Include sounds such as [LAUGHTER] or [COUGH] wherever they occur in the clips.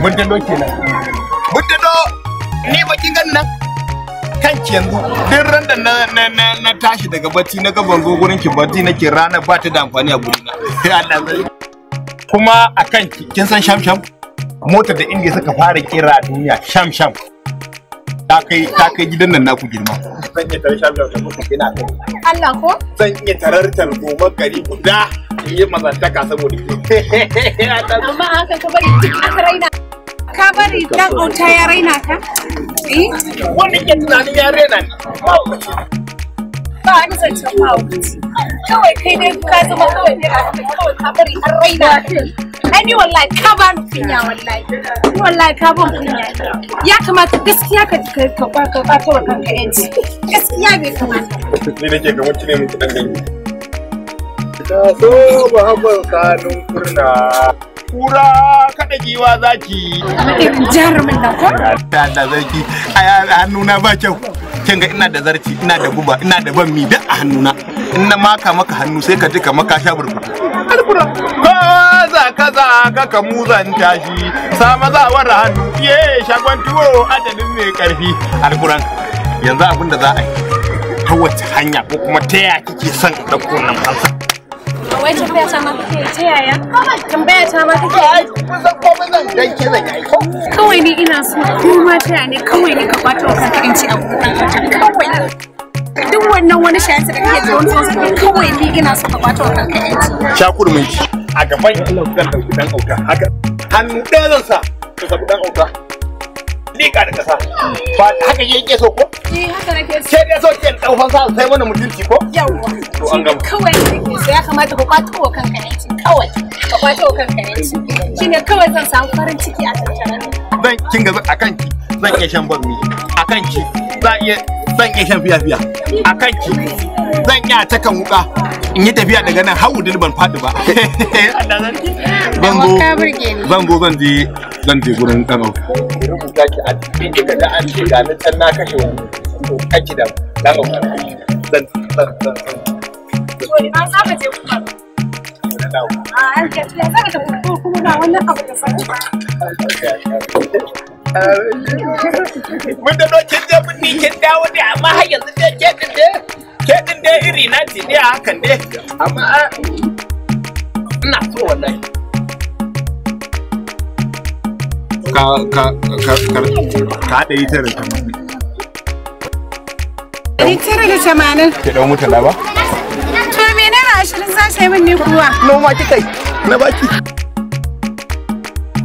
Buddado kenan. Buddado ni bakin ganin nan kanki yanzu duk ran da na tashi daga bacci na gaban gurin ki bacci nake rana ba ta da amfani a gurina. [LAUGHS] Kuma a kanki kin san sham sham motar da indiya suka fara kera a duniya sham sham ta kai ta kai gidan nan naku girma zan iya tarar sham sham da mutum ina kai Allah ko zan iya tarar talgoma gari guda in yi mazantaka saboda ke [LAUGHS] amma haka ka bari duk aka raina ka bari dan auta ya raina ka eh wanda ke tunanin ya raina ni ba ni zancen mahaukaci kawai kai dai ka zama kawai ne kawai ka bari an raina ai ni wallahi ka ba ni kunya wallahi ni wallahi ka ban kunya ya kamata gaskiya ka ka ka ka ka ka kanka yanci gaskiya bai kamata ni nake ga wacce ne muku dan gani da so ba haɓar kanun kurna kura kada giwa zaki eh, jarumin da ko da a hannuna ba kyau kin ga ina da zarci ina da guba ina da ban mi da a hannuna in na maka maka hannu sai ka ji maka ka sha burkutu alkura kaza kaza ka ka muzan tashi sa maza war hannu ye shagon tuwo adadin ne karfi alkuran yanzu abin da za a yi ta wace hanya ko kuma ta yaya kike son ɗauko nan fansa wai tambaya yaya tambaya ta ma kake ai kun san komai nan ke zan yi ko kawai ni ina so ko ma ta ne kawai ni ka bata wa kanka in ci abu kawai duk wannan wani shayansa da kake tsohon tsohon kawai ni ina so ka bata wa kanka in ci a gaban Allah zan dauki dan auta haka hannu ɗaya zan sa ka sabu dan auta liƙa da ba haka yake so ko? Eh haka nake so. Ke dai so ke sa sai wani mutunci ko? abincin da kawai ya kamata ku kwato wa kanka ci kawai ka kwato wa kanka shi ne kawai zan samu farin ciki a tattare zan kin a zan iya shan barmi a kanki zan iya zan iya shan fiya fiya a kanki zan iya ta kan wuka in yi tafiya daga nan har wudin ban fadi ba bango [LAUGHS] bango zan je zan je gurin ɗanau rubuta ki a cikin ka ga an ce ga na kashe wani kaki da ɗanau zan zan zan sorry da ah, sani mun da dokin da mun ni kin dawo ne amma har yanzu ke din ke din iri na hakan amma ah, ina so wallahi ka ka ka ka da ita da tamanin. da tamanin. Ke mutala ba? za ta yi min ne kuwa? Noma kika yi, na baki.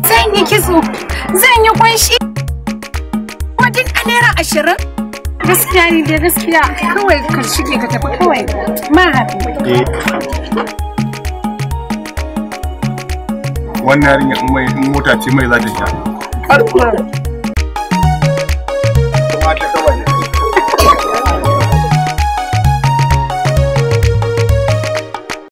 Zan yi kitso, zan yi kunshi. Kuma duk a naira ashirin. Gaskiya ne da gaskiya kawai ka shige ka tafi kawai ma haɗu. Eh. wannan yarinya in mota ce mai zata ta sha.